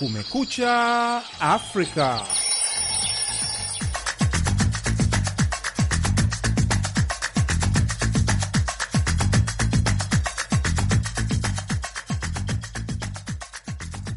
Kumekucha Afrika.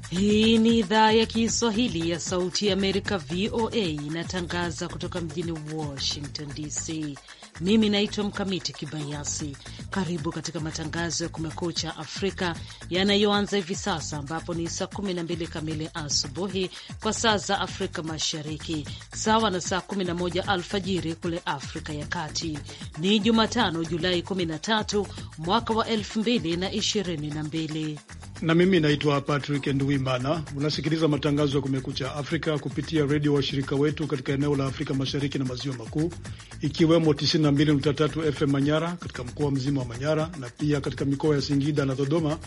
Hii ni idhaa ya Kiswahili ya Sauti ya Amerika, VOA, inatangaza kutoka mjini Washington DC. Mimi naitwa Mkamiti Kibayasi. Karibu katika matangazo ya Kumekucha Afrika yanayoanza hivi sasa, ambapo ni saa 12 kamili asubuhi kwa saa za Afrika Mashariki, sawa na saa 11 alfajiri kule Afrika ya Kati. Ni Jumatano, Julai 13 mwaka wa 2022 na mimi naitwa Patrick nduimana Unasikiliza matangazo ya Kumekucha Afrika kupitia redio washirika wetu katika eneo la Afrika Mashariki na Maziwa Makuu, ikiwemo 92.3 FM Manyara katika mkoa mzima wa Manyara na pia katika mikoa ya Singida na Dodoma,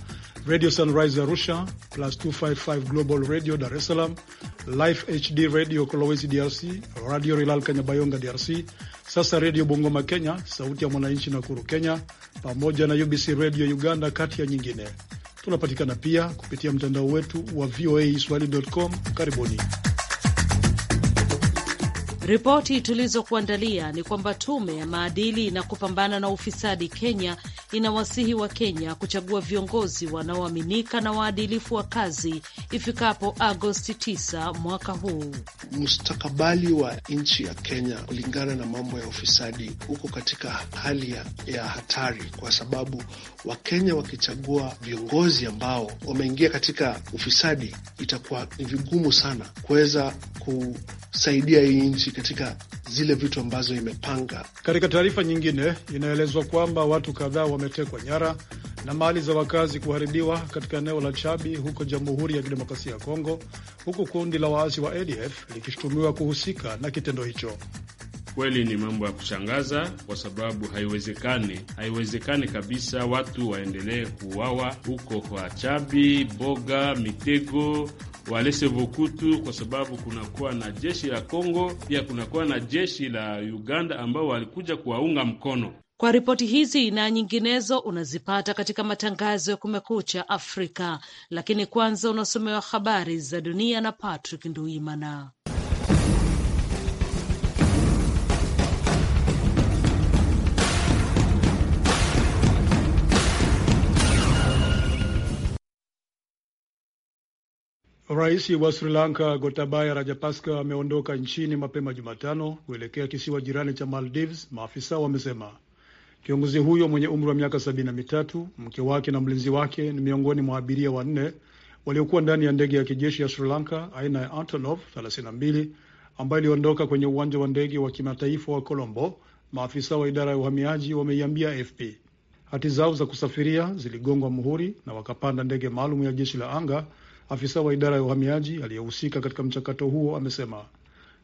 Radio Sunrise Arusha, Plus 255 Global Radio Dar es Salaam, Life HD Radio Kolwezi DRC, Radio Rilal Kanyabayonga DRC, sasa Radio Bungoma Kenya, Sauti ya Mwananchi Nakuru Kenya, pamoja na UBC Radio Uganda kati ya nyingine. Tunapatikana pia kupitia mtandao wetu wa voa swahili.com. Karibuni. Ripoti tulizokuandalia ni kwamba tume ya maadili na kupambana na ufisadi Kenya inawasihi wa Kenya kuchagua viongozi wanaoaminika na waadilifu wa kazi ifikapo Agosti 9 mwaka huu. Mustakabali wa nchi ya Kenya kulingana na mambo ya ufisadi uko katika hali ya, ya hatari, kwa sababu Wakenya wakichagua viongozi ambao wameingia katika ufisadi, itakuwa ni vigumu sana kuweza ku kusaidia hii nchi katika zile vitu ambazo imepanga. Katika taarifa nyingine, inaelezwa kwamba watu kadhaa wametekwa nyara na mali za wakazi kuharibiwa katika eneo la Chabi huko Jamhuri ya Kidemokrasia ya Kongo, huku kundi la waasi wa ADF likishutumiwa kuhusika na kitendo hicho. Kweli ni mambo ya kushangaza kwa sababu haiwezekani, haiwezekani kabisa watu waendelee kuuawa huko kwa Chabi, Boga, Mitego walese Vokutu, kwa sababu kunakuwa na jeshi la Kongo, pia kunakuwa na jeshi la Uganda ambao walikuja kuwaunga mkono. Kwa ripoti hizi na nyinginezo unazipata katika matangazo ya Kumekucha Afrika, lakini kwanza unasomewa habari za dunia na Patrick Nduimana. Rais wa Sri Lanka Gotabaya Rajapaksa ameondoka nchini mapema Jumatano kuelekea kisiwa jirani cha Maldives, maafisa wamesema. Kiongozi huyo mwenye umri wa miaka sabini na mitatu, mke wake na mlinzi wake ni miongoni mwa abiria wanne waliokuwa ndani ya ndege ya kijeshi ya Sri Lanka aina ya Antonov 32 ambayo iliondoka kwenye uwanja wa ndege wa kimataifa wa Colombo, maafisa wa idara ya uhamiaji wameiambia AFP. Hati zao za kusafiria ziligongwa muhuri na wakapanda ndege maalum ya jeshi la anga Afisa wa idara ya uhamiaji aliyehusika katika mchakato huo amesema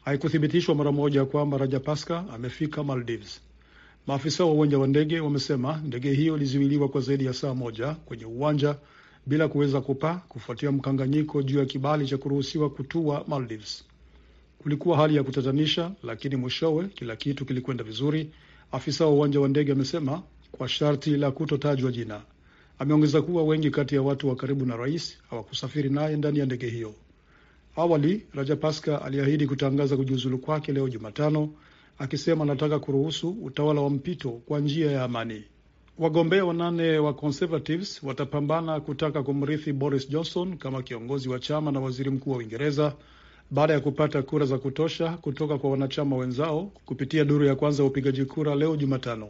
haikuthibitishwa mara moja kwamba Rajapaksa amefika Maldives. Maafisa wa uwanja wa ndege wamesema ndege hiyo ilizuiliwa kwa zaidi ya saa moja kwenye uwanja bila kuweza kupaa kufuatia mkanganyiko juu ya kibali cha kuruhusiwa kutua Maldives. Kulikuwa hali ya kutatanisha, lakini mwishowe kila kitu kilikwenda vizuri, afisa wa uwanja wa ndege amesema, kwa sharti la kutotajwa jina. Ameongeza kuwa wengi kati ya watu wa karibu na rais hawakusafiri naye ndani ya ndege hiyo. Awali Rajapaksa aliahidi kutangaza kujiuzulu kwake leo Jumatano, akisema anataka kuruhusu utawala wa mpito kwa njia ya amani. Wagombea wanane wa Conservatives watapambana kutaka kumrithi Boris Johnson kama kiongozi wa chama na waziri mkuu wa Uingereza baada ya kupata kura za kutosha kutoka kwa wanachama wenzao kupitia duru ya kwanza ya upigaji kura leo Jumatano.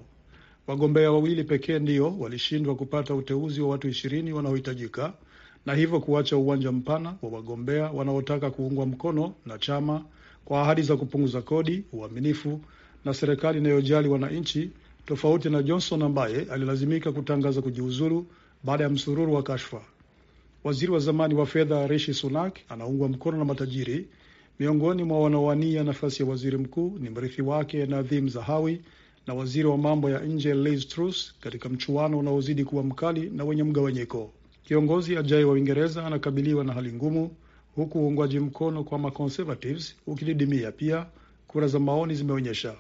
Wagombea wawili pekee ndio walishindwa kupata uteuzi wa watu ishirini wanaohitajika na hivyo kuacha uwanja mpana wa wagombea wanaotaka kuungwa mkono na chama kwa ahadi za kupunguza kodi, uaminifu na serikali inayojali wananchi, tofauti na Johnson ambaye alilazimika kutangaza kujiuzulu baada ya msururu wa kashfa. Waziri wa zamani wa fedha Rishi Sunak anaungwa mkono na matajiri. Miongoni mwa wanaowania nafasi ya waziri mkuu ni mrithi wake Nadhim Zahawi na waziri wa mambo ya nje Liz Truss katika mchuano unaozidi kuwa mkali na wenye mgawanyiko. Kiongozi ajaye wa Uingereza anakabiliwa na hali ngumu, huku uungwaji mkono kwa maconservatives ukididimia. Pia kura za maoni zimeonyesha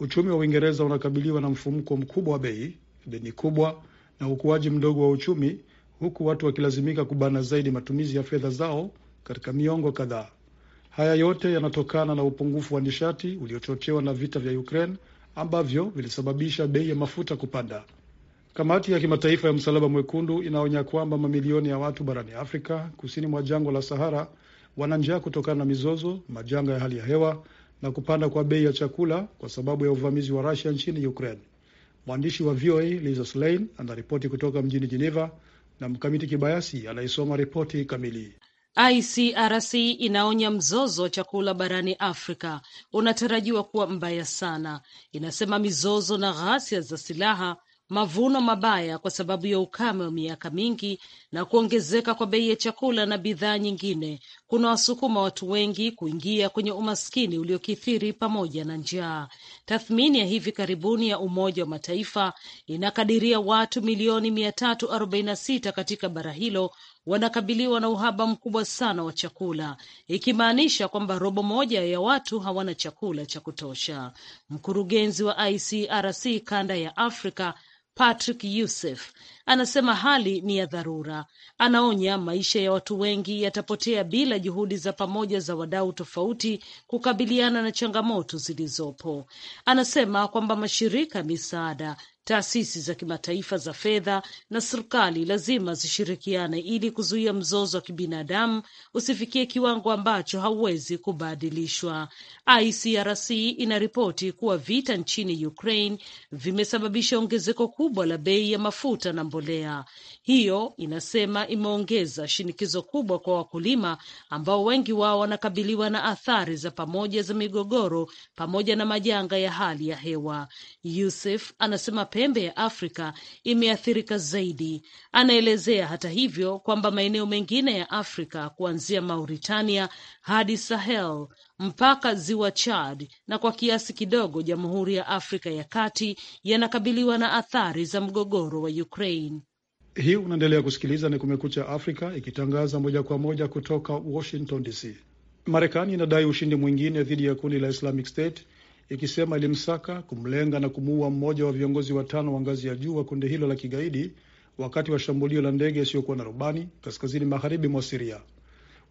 uchumi wa Uingereza unakabiliwa na mfumko mkubwa wa bei, deni kubwa na ukuaji mdogo wa uchumi, huku watu wakilazimika kubana zaidi matumizi ya fedha zao katika miongo kadhaa. Haya yote yanatokana na upungufu wa nishati uliochochewa na vita vya Ukraine ambavyo vilisababisha bei ya mafuta kupanda. Kamati ya kimataifa ya Msalaba Mwekundu inaonya kwamba mamilioni ya watu barani Afrika kusini mwa jangwa la Sahara wana njaa kutokana na mizozo, majanga ya hali ya hewa na kupanda kwa bei ya chakula kwa sababu ya uvamizi wa Rusia nchini Ukraine. Mwandishi wa VOA Lisa Slain anaripoti kutoka mjini Geneva na Mkamiti Kibayasi anayesoma ripoti kamili. ICRC inaonya mzozo wa chakula barani Afrika unatarajiwa kuwa mbaya sana. Inasema mizozo na ghasia za silaha, mavuno mabaya kwa sababu ya ukame wa miaka mingi, na kuongezeka kwa bei ya chakula na bidhaa nyingine kuna wasukuma watu wengi kuingia kwenye umaskini uliokithiri pamoja na njaa. Tathmini ya hivi karibuni ya Umoja wa Mataifa inakadiria watu milioni 346 katika bara hilo wanakabiliwa na uhaba mkubwa sana wa chakula, ikimaanisha kwamba robo moja ya watu hawana chakula cha kutosha. Mkurugenzi wa ICRC kanda ya Afrika Patrick Yusef anasema hali ni ya dharura. Anaonya maisha ya watu wengi yatapotea bila juhudi za pamoja za wadau tofauti kukabiliana na changamoto zilizopo. Anasema kwamba mashirika ya misaada Taasisi za kimataifa za fedha na serikali lazima zishirikiane ili kuzuia mzozo wa kibinadamu usifikie kiwango ambacho hauwezi kubadilishwa. ICRC inaripoti kuwa vita nchini Ukraine vimesababisha ongezeko kubwa la bei ya mafuta na mbolea hiyo inasema imeongeza shinikizo kubwa kwa wakulima ambao wengi wao wanakabiliwa na athari za pamoja za migogoro pamoja na majanga ya hali ya hewa. Yusuf anasema pembe ya Afrika imeathirika zaidi. Anaelezea hata hivyo kwamba maeneo mengine ya Afrika kuanzia Mauritania hadi Sahel mpaka ziwa Chad na kwa kiasi kidogo Jamhuri ya Afrika ya Kati yanakabiliwa na athari za mgogoro wa Ukraine. Hii unaendelea kusikiliza ni Kumekucha Afrika ikitangaza moja kwa moja kutoka Washington DC. Marekani inadai ushindi mwingine dhidi ya kundi la Islamic State ikisema ilimsaka, kumlenga na kumuua mmoja wa viongozi watano wa ngazi ya juu wa kundi hilo la kigaidi wakati wa shambulio la ndege isiyokuwa na rubani kaskazini magharibi mwa Siria.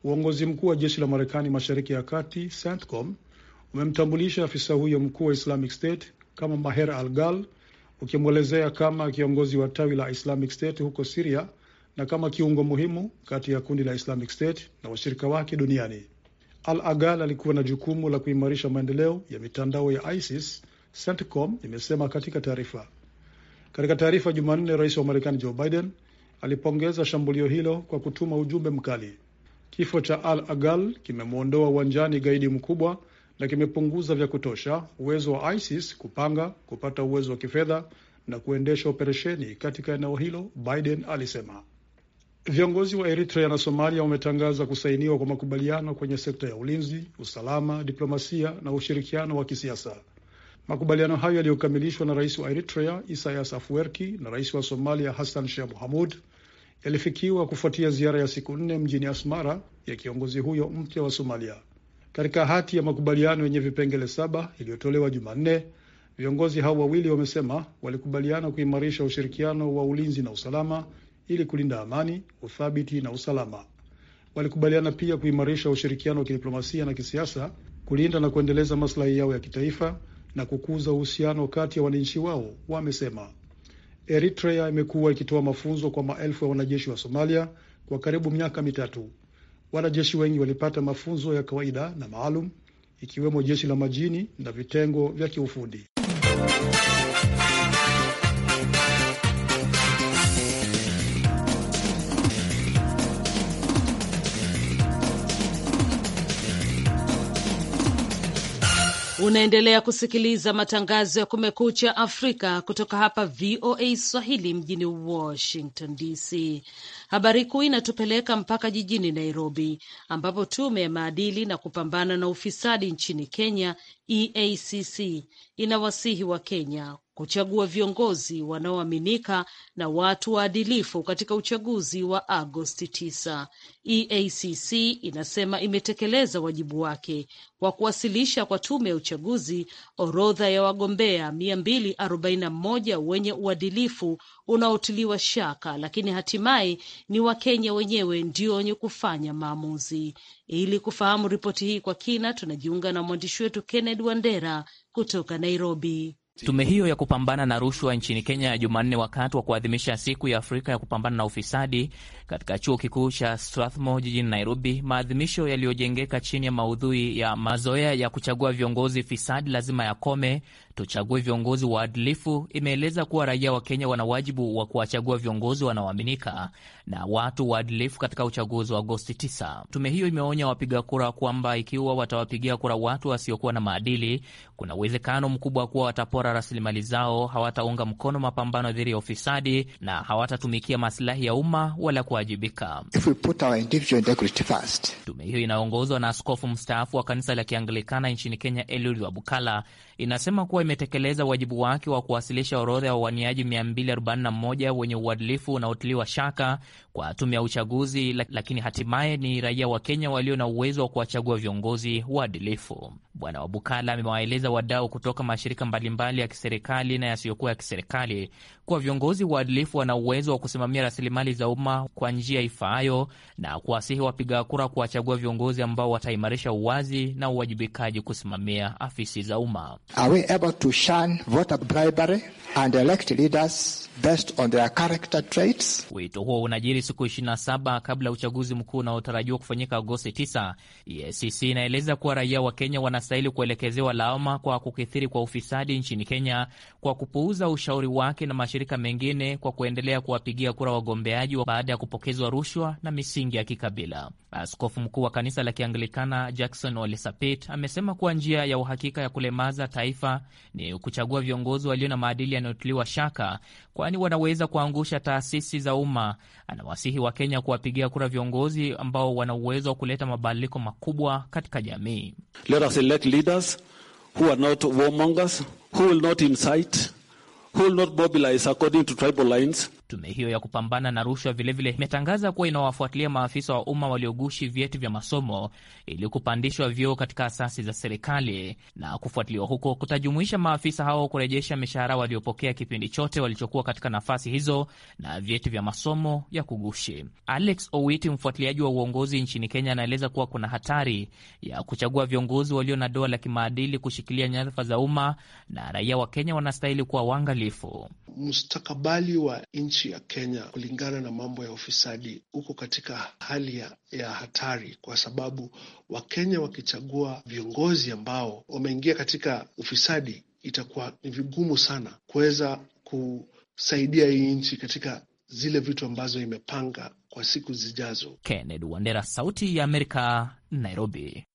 Uongozi mkuu wa jeshi la Marekani mashariki ya kati, CENTCOM, umemtambulisha afisa huyo mkuu wa Islamic State kama Maher Al-Gal ukimwelezea kama kiongozi wa tawi la Islamic State huko Siria na kama kiungo muhimu kati ya kundi la Islamic State na washirika wake duniani. Al Agal alikuwa na jukumu la kuimarisha maendeleo ya mitandao ya ISIS, CENTCOM imesema katika taarifa. Katika taarifa Jumanne, rais wa Marekani Joe Biden alipongeza shambulio hilo kwa kutuma ujumbe mkali. Kifo cha Al Agal kimemwondoa uwanjani gaidi mkubwa na kimepunguza vya kutosha uwezo wa ISIS kupanga, kupata uwezo wa kifedha na kuendesha operesheni katika eneo hilo, Biden alisema. Viongozi wa Eritrea na Somalia wametangaza kusainiwa kwa makubaliano kwenye sekta ya ulinzi, usalama, diplomasia na ushirikiano wa kisiasa. Makubaliano hayo yaliyokamilishwa na rais wa Eritrea Isaias Afwerki na rais wa Somalia Hassan Sheikh Mohamud yalifikiwa kufuatia ziara ya siku nne mjini Asmara ya kiongozi huyo mpya wa Somalia. Katika hati ya makubaliano yenye vipengele saba iliyotolewa Jumanne, viongozi hao wawili wamesema walikubaliana kuimarisha ushirikiano wa ulinzi na usalama ili kulinda amani, uthabiti na usalama. Walikubaliana pia kuimarisha ushirikiano wa kidiplomasia na kisiasa, kulinda na kuendeleza maslahi yao ya kitaifa na kukuza uhusiano kati ya wananchi wao, wamesema. Eritrea imekuwa ikitoa mafunzo kwa maelfu ya wanajeshi wa Somalia kwa karibu miaka mitatu. Wanajeshi wengi walipata mafunzo ya kawaida na maalum, ikiwemo jeshi la majini na vitengo vya kiufundi. Unaendelea kusikiliza matangazo ya Kumekucha Afrika kutoka hapa VOA Swahili mjini Washington DC. Habari kuu inatupeleka mpaka jijini Nairobi, ambapo tume ya maadili na kupambana na ufisadi nchini Kenya, EACC, inawasihi wa Kenya kuchagua viongozi wanaoaminika na watu waadilifu katika uchaguzi wa Agosti 9. EACC inasema imetekeleza wajibu wake kwa kuwasilisha kwa tume ya uchaguzi orodha ya wagombea 241 wenye uadilifu unaotiliwa shaka, lakini hatimaye ni Wakenya wenyewe ndio wenye kufanya maamuzi. Ili kufahamu ripoti hii kwa kina, tunajiunga na mwandishi wetu Kenneth Wandera kutoka Nairobi. Tume hiyo ya kupambana na rushwa nchini Kenya ya Jumanne, wakati wa kuadhimisha siku ya Afrika ya kupambana na ufisadi katika chuo kikuu cha Strathmore jijini Nairobi, maadhimisho yaliyojengeka chini ya maudhui ya mazoea ya kuchagua viongozi fisadi lazima yakome, tuchague viongozi waadilifu, imeeleza kuwa raia wa Kenya wana wajibu wa kuwachagua viongozi wanaoaminika na watu waadilifu katika uchaguzi wa Agosti 9. Tume hiyo imeonya wapiga kura kwamba ikiwa watawapigia kura watu wasiokuwa na maadili, kuna uwezekano mkubwa kuwa watapora rasilimali zao, hawataunga mkono mapambano dhidi ya ufisadi na hawatatumikia masilahi ya umma wala kuwajibika. Tume hiyo inaongozwa na askofu mstaafu wa kanisa la Kianglikana nchini Kenya Eliud Wabukala inasema kuwa imetekeleza wajibu wake wa kuwasilisha orodha ya wawaniaji 241 wenye uadilifu unaotiliwa shaka kwa tume ya uchaguzi, lakini hatimaye ni raia wa Kenya walio na uwezo wa kuwachagua viongozi waadilifu. Bwana Wabukala amewaeleza wadau kutoka mashirika mbalimbali ya kiserikali na yasiyokuwa ya kiserikali kuwa viongozi waadilifu wana uwezo wa kusimamia rasilimali za umma kwa njia ifaayo na kuwasihi wapiga kura kuwachagua viongozi ambao wataimarisha uwazi na uwajibikaji kusimamia afisi za umma to shun voter bribery and elect leaders based on their character traits. Wito huo unajiri siku 27 kabla ya uchaguzi mkuu unaotarajiwa kufanyika Agosti 9. EACC inaeleza kuwa raia wa Kenya wanastahili kuelekezewa lawama kwa kukithiri kwa ufisadi nchini Kenya, kwa kupuuza ushauri wake na mashirika mengine, kwa kuendelea kuwapigia kura wagombeaji baada ya kupokezwa rushwa na misingi ya kikabila. Askofu mkuu wa kanisa la Kianglikana Jackson olisapit amesema kuwa njia ya uhakika ya kulemaza taifa ni kuchagua viongozi walio na maadili yanayotuliwa shaka, kwani wanaweza kuangusha taasisi za umma. Anawasihi Wakenya kuwapigia kura viongozi ambao wana uwezo wa kuleta mabadiliko makubwa katika jamii. Let us elect leaders who are not warmongers, who will not incite, who will not mobilize according to tribal lines. Tume hiyo ya kupambana na rushwa vilevile imetangaza kuwa inawafuatilia maafisa wa umma waliogushi vyeti vya masomo ili kupandishwa vyoo katika asasi za serikali, na kufuatiliwa huko kutajumuisha maafisa hao kurejesha mishahara waliopokea kipindi chote walichokuwa katika nafasi hizo na vyeti vya masomo ya kugushi. Alex Owiti, mfuatiliaji wa uongozi nchini Kenya, anaeleza kuwa kuna hatari ya kuchagua viongozi walio na doa la kimaadili kushikilia nyadhifa za umma, na raia wa Kenya wanastahili kuwa waangalifu. Mustakabali wa nchi ya Kenya kulingana na mambo ya ufisadi uko katika hali ya, ya hatari, kwa sababu Wakenya wakichagua viongozi ambao wameingia katika ufisadi, itakuwa ni vigumu sana kuweza kusaidia hii nchi katika zile vitu ambazo imepanga kwa siku zijazo. Kennedy Wandera, Sauti ya Amerika, Nairobi.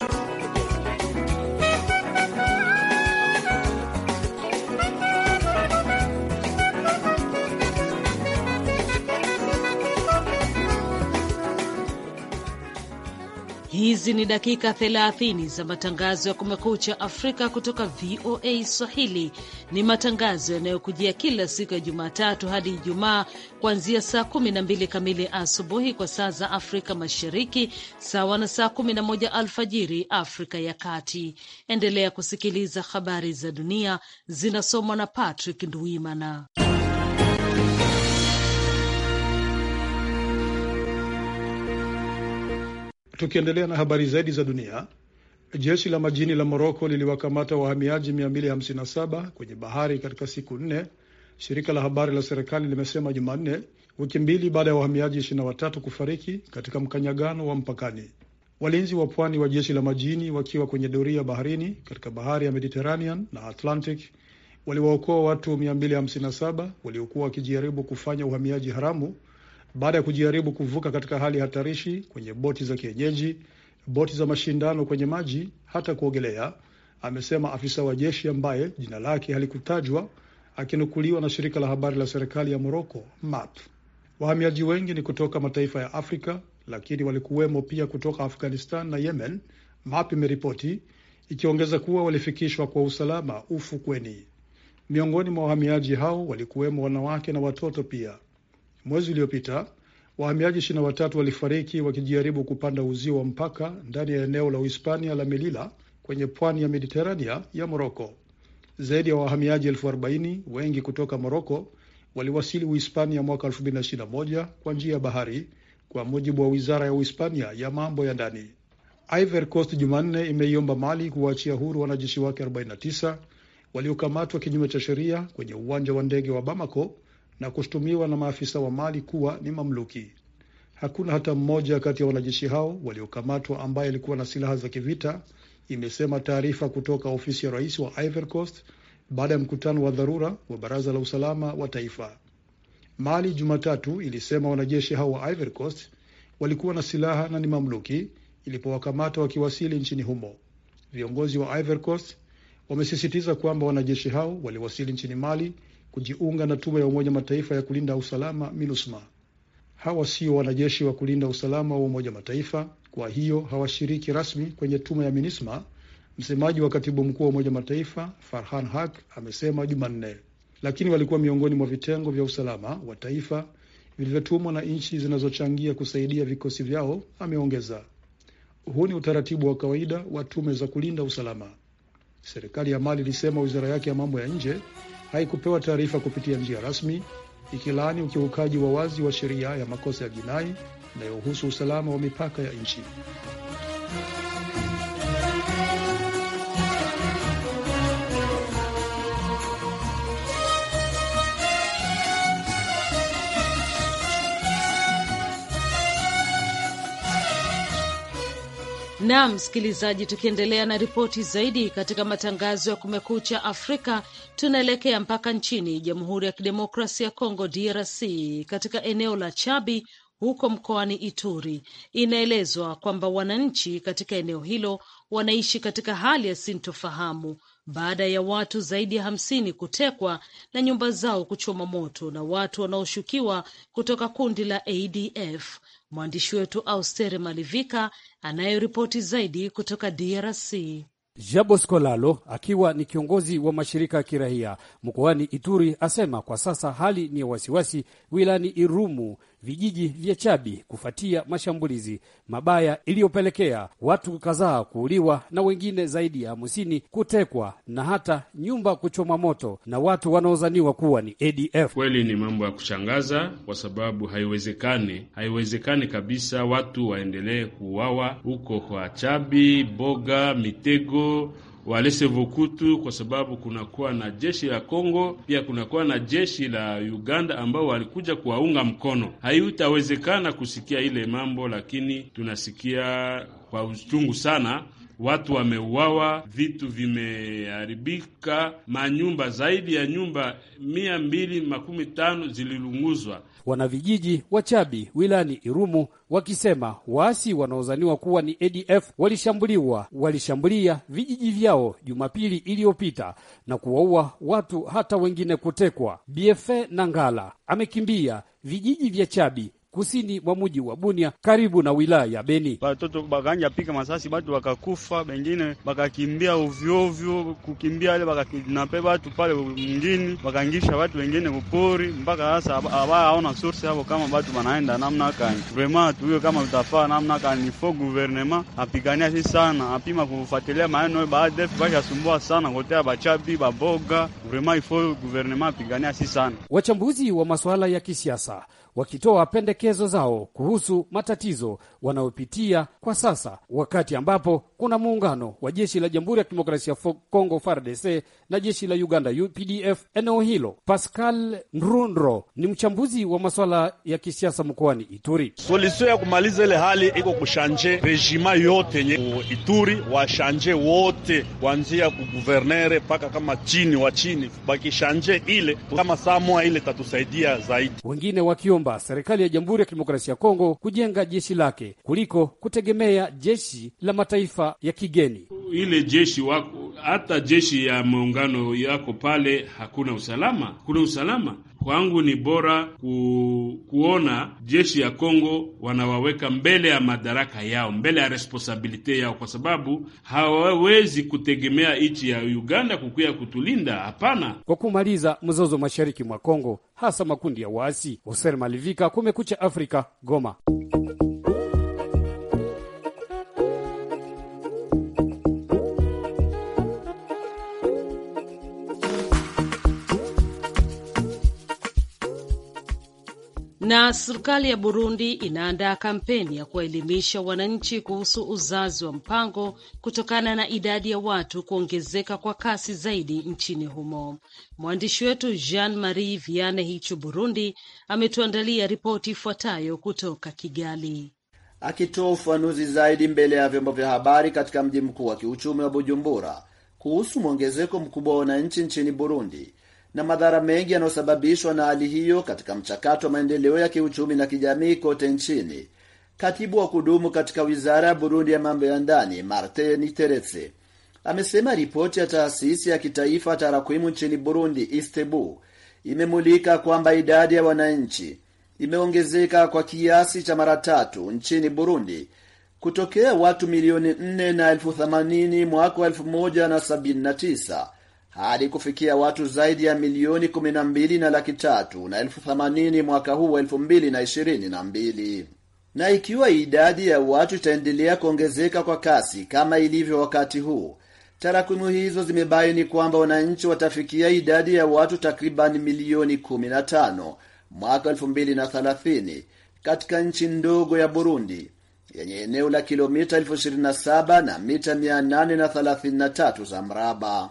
Hizi ni dakika 30 za matangazo ya Kumekucha Afrika kutoka VOA Swahili. Ni matangazo yanayokujia kila siku ya Jumatatu hadi Ijumaa kuanzia saa 12 kamili asubuhi kwa saa za Afrika Mashariki, sawa na saa 11 alfajiri Afrika ya Kati. Endelea kusikiliza habari za dunia zinasomwa na Patrick Nduimana. Tukiendelea na habari zaidi za dunia, jeshi la majini la Moroko liliwakamata wahamiaji 257 kwenye bahari katika siku nne, shirika la habari la serikali limesema Jumanne, wiki mbili baada ya wahamiaji 23 kufariki katika mkanyagano wa mpakani. Walinzi wa pwani wa jeshi la majini wakiwa kwenye doria baharini katika bahari ya Mediterranean na Atlantic waliwaokoa watu 257 waliokuwa wakijaribu kufanya uhamiaji haramu baada ya kujaribu kuvuka katika hali hatarishi kwenye boti za kienyeji, boti za mashindano kwenye maji, hata kuogelea, amesema afisa wa jeshi ambaye jina lake halikutajwa, akinukuliwa na shirika la habari la serikali ya Moroko MAP. Wahamiaji wengi ni kutoka mataifa ya Afrika, lakini walikuwemo pia kutoka Afghanistan na Yemen, MAP imeripoti ikiongeza kuwa walifikishwa kwa usalama ufukweni. Miongoni mwa wahamiaji hao walikuwemo wanawake na watoto pia. Mwezi uliopita wahamiaji 23 walifariki wakijaribu kupanda uzio wa mpaka ndani ya eneo la Uhispania la melila kwenye pwani ya Mediterania ya Moroko. Zaidi ya wahamiaji elfu arobaini wengi kutoka Moroko waliwasili Uhispania mwaka 2021 kwa njia ya bahari, kwa mujibu wa wizara ya Uhispania ya mambo ya ndani. Ivory Coast Jumanne imeiomba Mali kuwaachia huru wanajeshi wake 49 waliokamatwa kinyume cha sheria kwenye uwanja wa ndege wa Bamako na kushutumiwa na maafisa wa Mali kuwa ni mamluki. Hakuna hata mmoja kati ya wanajeshi hao waliokamatwa ambaye alikuwa na silaha za kivita, imesema taarifa kutoka ofisi ya rais wa Ivory Coast baada ya mkutano wa dharura wa baraza la usalama wa taifa. Mali Jumatatu ilisema wanajeshi hao wa Ivory Coast walikuwa na silaha na ni mamluki ilipowakamata wakiwasili nchini humo. Viongozi wa Ivory Coast wamesisitiza kwamba wanajeshi hao waliwasili nchini Mali kujiunga na tume ya Umoja Mataifa ya kulinda usalama MINUSMA. Hawa sio wanajeshi wa kulinda usalama wa Umoja Mataifa, kwa hiyo hawashiriki rasmi kwenye tume ya MINUSMA. Msemaji wa katibu mkuu wa Umoja Mataifa Farhan Haq amesema Jumanne, lakini walikuwa miongoni mwa vitengo vya usalama wa taifa vilivyotumwa na nchi zinazochangia kusaidia vikosi vyao, ameongeza. Huu ni utaratibu wa kawaida wa tume za kulinda usalama. Serikali ya Mali ilisema wizara yake ya mambo ya nje haikupewa taarifa kupitia njia rasmi, ikilaani ukiukaji wa wazi wa sheria ya makosa ya jinai inayohusu usalama wa mipaka ya nchi. na msikilizaji, tukiendelea na ripoti zaidi katika matangazo ya Kumekucha Afrika, tunaelekea mpaka nchini Jamhuri ya Kidemokrasia ya Kongo, DRC, katika eneo la Chabi huko mkoani Ituri. Inaelezwa kwamba wananchi katika eneo hilo wanaishi katika hali ya sintofahamu baada ya watu zaidi ya hamsini kutekwa na nyumba zao kuchoma moto na watu wanaoshukiwa kutoka kundi la ADF. Mwandishi wetu Austere Malivika anayeripoti zaidi kutoka DRC. Jabo Skolalo akiwa ni kiongozi wa mashirika ya kiraia mkoani Ituri asema kwa sasa hali ni ya wasiwasi wilani Irumu vijiji vya Chabi kufuatia mashambulizi mabaya iliyopelekea watu kadhaa kuuliwa na wengine zaidi ya hamsini kutekwa na hata nyumba kuchoma moto na watu wanaozaniwa kuwa ni ADF. Kweli ni mambo ya kushangaza, kwa sababu haiwezekani, haiwezekani kabisa watu waendelee kuuawa huko kwa Chabi, Boga, Mitego walese vukutu, kwa sababu kunakuwa na jeshi la Kongo, pia kunakuwa na jeshi la Uganda ambao walikuja kuwaunga mkono. Haitawezekana kusikia ile mambo, lakini tunasikia kwa uchungu sana watu wameuawa, vitu vimeharibika, manyumba zaidi ya nyumba mia mbili makumi tano zililunguzwa. Wanavijiji wa chabi wilani Irumu wakisema waasi wanaozaniwa kuwa ni ADF walishambuliwa walishambulia vijiji vyao Jumapili iliyopita na kuwaua watu hata wengine kutekwa. BF Nangala amekimbia vijiji vya Chabi kusini mwa mji wa Bunia karibu na wilaya ya Beni. Batoto bakanja pika masasi batu bakakufa, bengine bakakimbia ovyoovyo, kukimbia ale bakakidnape batu pale mjini, bakangisha batu wengine kupori, mpaka sasa abaona source hapo kama batu banaenda namna kani. Vraiment tuwe kama tutafaa namna kani, ifo guvernema apigania si sana, apima kufuatilia maneno baadef bashasumbua sana kotea bachabi baboga. vrema ifo guvernema apigania si sana. Wachambuzi wa masuala ya kisiasa wakitoa pende pendekezo zao kuhusu matatizo wanayopitia kwa sasa, wakati ambapo kuna muungano wa jeshi la Jamhuri ya Kidemokrasia ya Kongo FARDC na jeshi la Uganda UPDF eneo hilo. Pascal Nrundro ni mchambuzi wa masuala ya kisiasa mkoani Ituri. Solusio ya kumaliza ile hali iko kushanje rejima yote yenye Ituri washanje wote, kuanzia kuguvernere mpaka kama chini wa chini, bakishanje ile kama samoa ile tatusaidia zaidi, wengine wakiomba serikali ya Jamhuri Jamhuri ya Kidemokrasia ya Kongo kujenga jeshi lake kuliko kutegemea jeshi la mataifa ya kigeni. Ile jeshi wako, hata jeshi ya muungano yako pale, hakuna usalama. Kuna usalama Kwangu ni bora ku, kuona jeshi ya Kongo wanawaweka mbele ya madaraka yao, mbele ya responsabilite yao, kwa sababu hawawezi kutegemea nchi ya Uganda kukuya kutulinda. Hapana, kwa kumaliza mzozo mashariki mwa Kongo, hasa makundi ya waasi. Hoser Malivika, Kumekucha Afrika, Goma. Na serikali ya Burundi inaandaa kampeni ya kuwaelimisha wananchi kuhusu uzazi wa mpango kutokana na idadi ya watu kuongezeka kwa kasi zaidi nchini humo. Mwandishi wetu Jean Marie Viane Hichu Burundi ametuandalia ripoti ifuatayo kutoka Kigali. Akitoa ufanuzi zaidi mbele ya vyombo vya habari katika mji mkuu wa kiuchumi wa Bujumbura kuhusu mwongezeko mkubwa wa wananchi nchini Burundi, na madhara mengi yanayosababishwa na hali hiyo katika mchakato wa maendeleo ya kiuchumi na kijamii kote nchini. Katibu wa kudumu katika wizara ya Burundi ya mambo ya ndani Martin Niteretse amesema ripoti ya taasisi ya kitaifa tarakwimu nchini Burundi ISTEBU imemulika kwamba idadi ya wananchi imeongezeka kwa kiasi cha mara tatu nchini Burundi kutokea watu milioni 4 na elfu 80 mwaka wa 1979 hadi kufikia watu zaidi ya milioni 12 na laki tatu na elfu themanini mwaka huu wa mbili na ikiwa idadi ya watu itaendelea kuongezeka kwa kasi kama ilivyo wakati huu, tarakwimu hizo zimebaini kwamba wananchi watafikia idadi ya watu takriban milioni 15 mwaka 2030 katika nchi ndogo ya Burundi yenye eneo la kilomita 27 na mita 833 za mraba.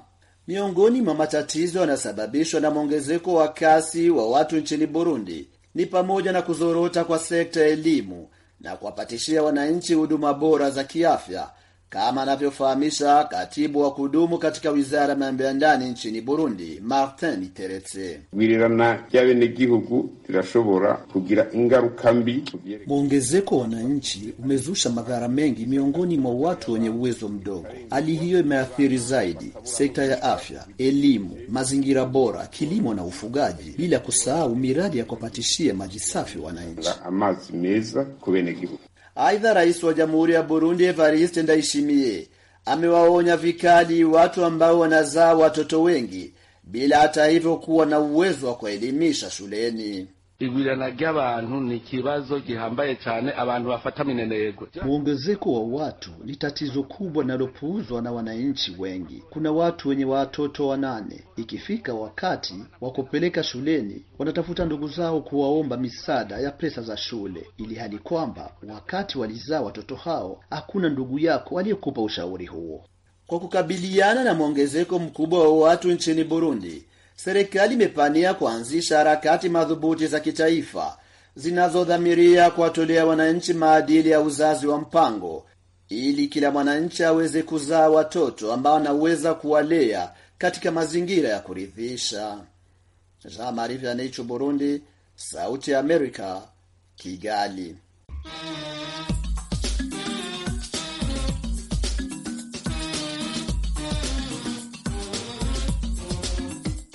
Miongoni mwa matatizo yanayosababishwa na mwongezeko wa kasi wa watu nchini Burundi ni pamoja na kuzorota kwa sekta ya elimu na kuwapatishia wananchi huduma bora za kiafya kama anavyofahamisha katibu wa kudumu katika wizara ya mambo ya ndani nchini Burundi, Martin Iteretse. wirirana ryabenegihugu rirashobora kugira ingaruka mbi. Mwongezeko wa wananchi umezusha madhara mengi miongoni mwa watu wenye uwezo mdogo. Hali hiyo imeathiri zaidi sekta ya afya, elimu, mazingira bora, kilimo na ufugaji, bila kusahau miradi ya kuwapatishia maji safi wananchi, amazi meza kubenegihugu Aidha, rais wa jamhuri ya Burundi Evariste Ndayishimiye amewaonya vikali watu ambao wanazaa watoto wengi bila hata hivyo kuwa na uwezo wa kuelimisha shuleni. Igwirana ry'abantu ni kibazo gihambaye cyane abantu bafata minenegwe. Uongezeko wa watu ni tatizo kubwa linalopuuzwa na wananchi wengi. Kuna watu wenye watoto wanane, ikifika wakati wa kupeleka shuleni wanatafuta ndugu zao kuwaomba misaada ya pesa za shule, ili hali kwamba wakati walizaa watoto hao hakuna ndugu yako aliyekupa ushauri huo. Kwa kukabiliana na mwongezeko mkubwa wa watu nchini Burundi, serikali imepania kuanzisha harakati madhubuti za kitaifa zinazodhamiria kuwatolea wananchi maadili ya uzazi wa mpango ili kila mwananchi aweze kuzaa watoto ambao anaweza kuwalea katika mazingira ya kuridhisha. Burundi, Sauti ya Amerika, Kigali.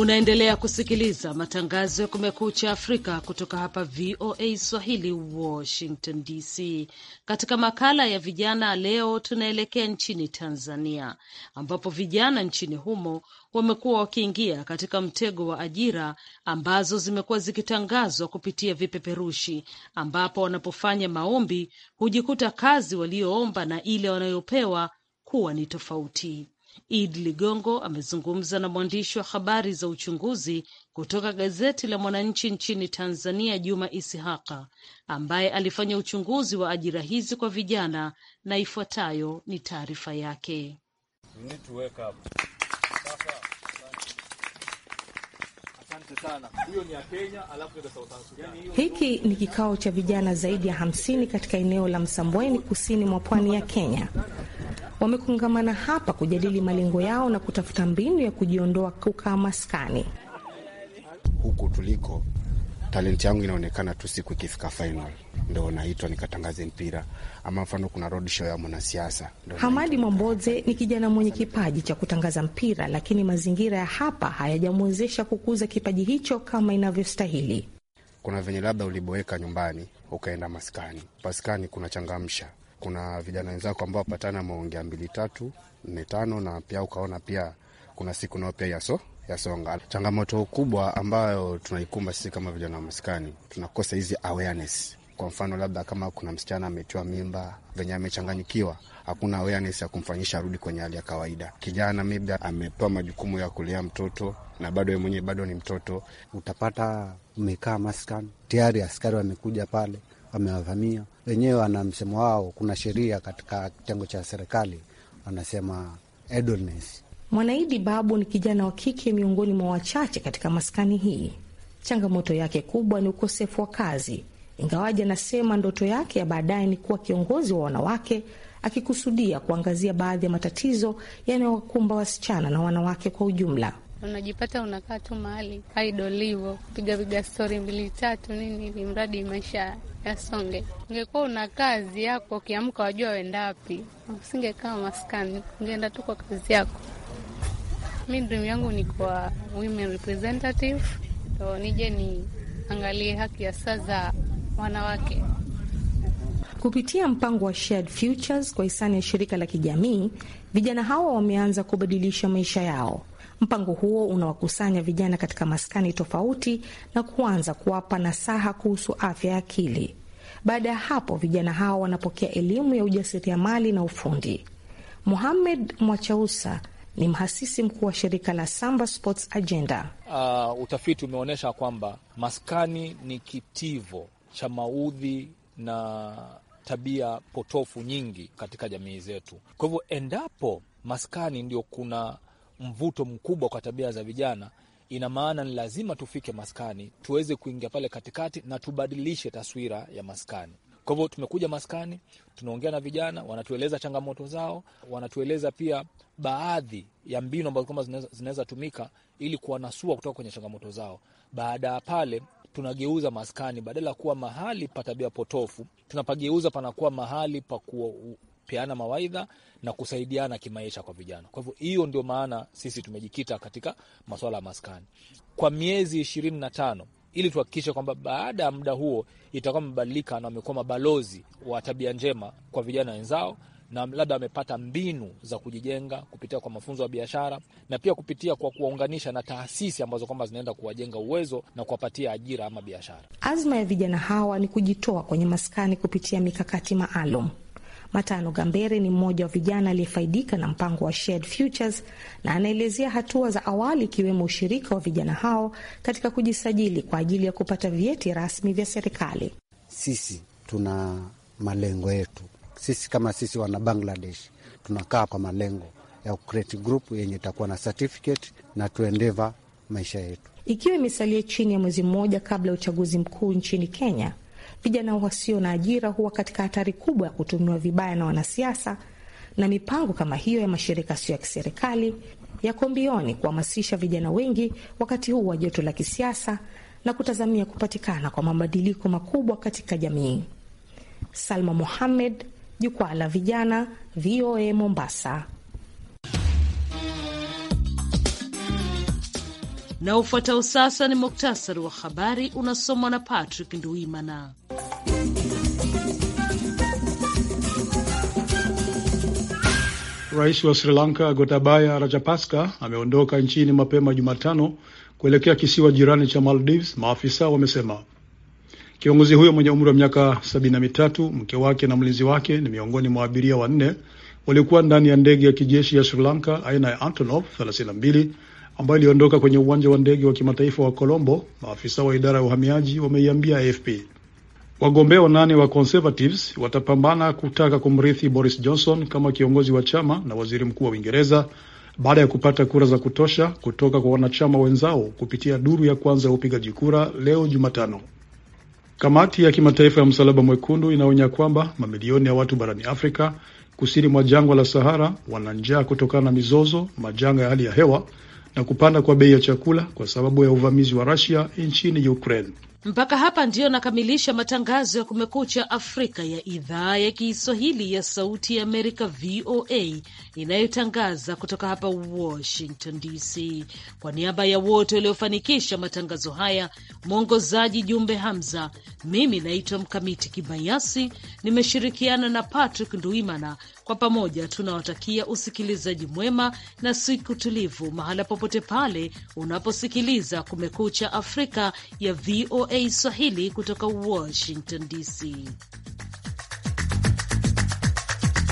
Unaendelea kusikiliza matangazo ya Kumekucha Afrika kutoka hapa VOA Swahili, Washington DC. Katika makala ya vijana leo, tunaelekea nchini Tanzania, ambapo vijana nchini humo wamekuwa wakiingia katika mtego wa ajira ambazo zimekuwa zikitangazwa kupitia vipeperushi, ambapo wanapofanya maombi hujikuta kazi walioomba na ile wanayopewa kuwa ni tofauti. Id Ligongo amezungumza na mwandishi wa habari za uchunguzi kutoka gazeti la Mwananchi nchini Tanzania, Juma Isihaka, ambaye alifanya uchunguzi wa ajira hizi kwa vijana, na ifuatayo ni taarifa yake. Yaani Hiki ni kikao cha vijana zaidi ya hamsini katika eneo la Msambweni kusini mwa pwani ya Kenya. Wamekongamana hapa kujadili malengo yao na kutafuta mbinu ya kujiondoa kukaa maskani. Huku tuliko talenti yangu inaonekana tu siku ikifika final ndo naitwa nikatangaze mpira ama mfano kuna road show ya mwanasiasa. Hamadi Mwamboze ni kijana mwenye kipaji cha kutangaza mpira, lakini mazingira ya hapa hayajamwezesha kukuza kipaji hicho kama inavyostahili. Kuna venye labda uliboeka nyumbani ukaenda maskani, maskani kuna changamsha kuna vijana wenzako ambao wapatana maongea mbili tatu nne tano, na pia ukaona pia kuna siku nao pia yaso ya Songa. Changamoto kubwa ambayo tunaikumba sisi kama vijana wa maskani, tunakosa hizi awareness. Kwa mfano, labda kama kuna msichana ametiwa mimba venye amechanganyikiwa hakuna awareness ya kumfanyisha arudi kwenye hali ya kawaida. Kijana maybe amepewa majukumu ya kulea mtoto na bado yeye mwenyewe bado ni mtoto. Utapata umekaa maskani tayari, askari wamekuja pale, wamewavamia. Wenyewe wana msemo wao, kuna sheria katika kitengo cha serikali wanasema idleness Mwanaidi Babu ni kijana wa kike miongoni mwa wachache katika maskani hii. Changamoto yake kubwa ni ukosefu wa kazi, ingawaji anasema ndoto yake ya baadaye ni kuwa kiongozi wa wanawake, akikusudia kuangazia baadhi ya matatizo yanayowakumba wasichana na wanawake kwa ujumla. Unajipata unakaa tu mahali aidolivo pigapiga stori mbili tatu nini, ili mradi maisha yasonge. Ungekuwa una kazi yako, ukiamka wajua wendapi, usingekaa maskani, ungeenda tu kwa kazi yako. Mi dream yangu ni kwa women representative, so nije niangalie haki ya saa za wanawake kupitia mpango wa Shared Futures kwa hisani ya shirika la kijamii. Vijana hawa wameanza kubadilisha maisha yao. Mpango huo unawakusanya vijana katika maskani tofauti na kuanza kuwapa nasaha kuhusu afya ya akili. Baada ya hapo, vijana hawa wanapokea elimu ya ujasiriamali na ufundi. Muhamed Mwachausa ni mhasisi mkuu wa shirika la Samba Sports Agenda. Uh, utafiti umeonyesha kwamba maskani ni kitivo cha maudhi na tabia potofu nyingi katika jamii zetu. Kwa hivyo, endapo maskani ndio kuna mvuto mkubwa kwa tabia za vijana, ina maana ni lazima tufike maskani, tuweze kuingia pale katikati na tubadilishe taswira ya maskani. Kwa hivyo tumekuja maskani, tunaongea na vijana, wanatueleza changamoto zao, wanatueleza pia baadhi ya mbinu ambazo kwamba zinaweza tumika ili kuwanasua kutoka kwenye changamoto zao. Baada ya pale tunageuza maskani, badala ya kuwa mahali pa tabia potofu, tunapageuza panakuwa mahali pa kupeana mawaidha na kusaidiana kimaisha kwa vijana. Kwa hivyo hiyo ndio maana sisi tumejikita katika masuala ya maskani kwa miezi ishirini na tano ili tuhakikishe kwamba baada ya muda huo itakuwa amebadilika na wamekuwa mabalozi wa tabia njema kwa vijana wenzao, na labda wamepata mbinu za kujijenga kupitia kwa mafunzo ya biashara na pia kupitia kwa kuwaunganisha na taasisi ambazo kwamba zinaenda kuwajenga uwezo na kuwapatia ajira ama biashara. Azma ya vijana hawa ni kujitoa kwenye maskani kupitia mikakati maalum. Matano Gambere ni mmoja wa vijana aliyefaidika na mpango wa Shared Futures na anaelezea hatua za awali ikiwemo ushirika wa vijana hao katika kujisajili kwa ajili ya kupata vyeti rasmi vya serikali. Sisi tuna malengo yetu sisi kama sisi wana Bangladesh tunakaa kwa malengo ya kucreate group yenye itakuwa na certificate na tuendeva maisha yetu. Ikiwa imesalia chini ya mwezi mmoja kabla ya uchaguzi mkuu nchini Kenya, vijana wasio na ajira huwa katika hatari kubwa ya kutumiwa vibaya na wanasiasa, na mipango kama hiyo ya mashirika yasiyo ya kiserikali yako mbioni kuhamasisha vijana wengi wakati huu wa joto la kisiasa na kutazamia kupatikana kwa mabadiliko makubwa katika jamii. Salma Mohamed, Jukwaa la Vijana, VOA Mombasa. Na ufuatao sasa ni muktasari wa habari unasomwa na Patrick Nduimana. Rais wa Sri Lanka Gotabaya Rajapaksa ameondoka nchini mapema Jumatano kuelekea kisiwa jirani cha Maldives, maafisa wamesema. Kiongozi huyo mwenye umri wa miaka sabini na mitatu, mke wake na mlinzi wake ni miongoni mwa abiria wanne waliokuwa ndani ya ndege ya kijeshi ya Sri Lanka aina ya Antonov 32 ambayo iliondoka kwenye uwanja wa ndege wa kimataifa wa Colombo, maafisa wa idara ya uhamiaji wameiambia AFP. Wagombea wanane wa Conservatives watapambana kutaka kumrithi Boris Johnson kama kiongozi wa chama na waziri mkuu wa Uingereza baada ya kupata kura za kutosha kutoka kwa wanachama wenzao kupitia duru ya kwanza ya upigaji kura leo Jumatano. Kamati ya kimataifa ya Msalaba Mwekundu inaonya kwamba mamilioni ya watu barani Afrika kusini mwa jangwa la Sahara wana njaa kutokana na mizozo, majanga ya hali ya hewa na kupanda kwa bei ya chakula kwa sababu ya uvamizi wa rasia nchini Ukraine. Mpaka hapa ndiyo nakamilisha matangazo ya Kumekucha Afrika ya idhaa ya Kiswahili ya Sauti ya Amerika, VOA, inayotangaza kutoka hapa Washington DC. Kwa niaba ya wote waliofanikisha matangazo haya, mwongozaji Jumbe Hamza, mimi naitwa Mkamiti Kibayasi, nimeshirikiana na Patrick Nduimana. Kwa pamoja tunawatakia usikilizaji mwema na siku tulivu mahala popote pale unaposikiliza Kumekucha Afrika ya VOA Swahili kutoka Washington DC.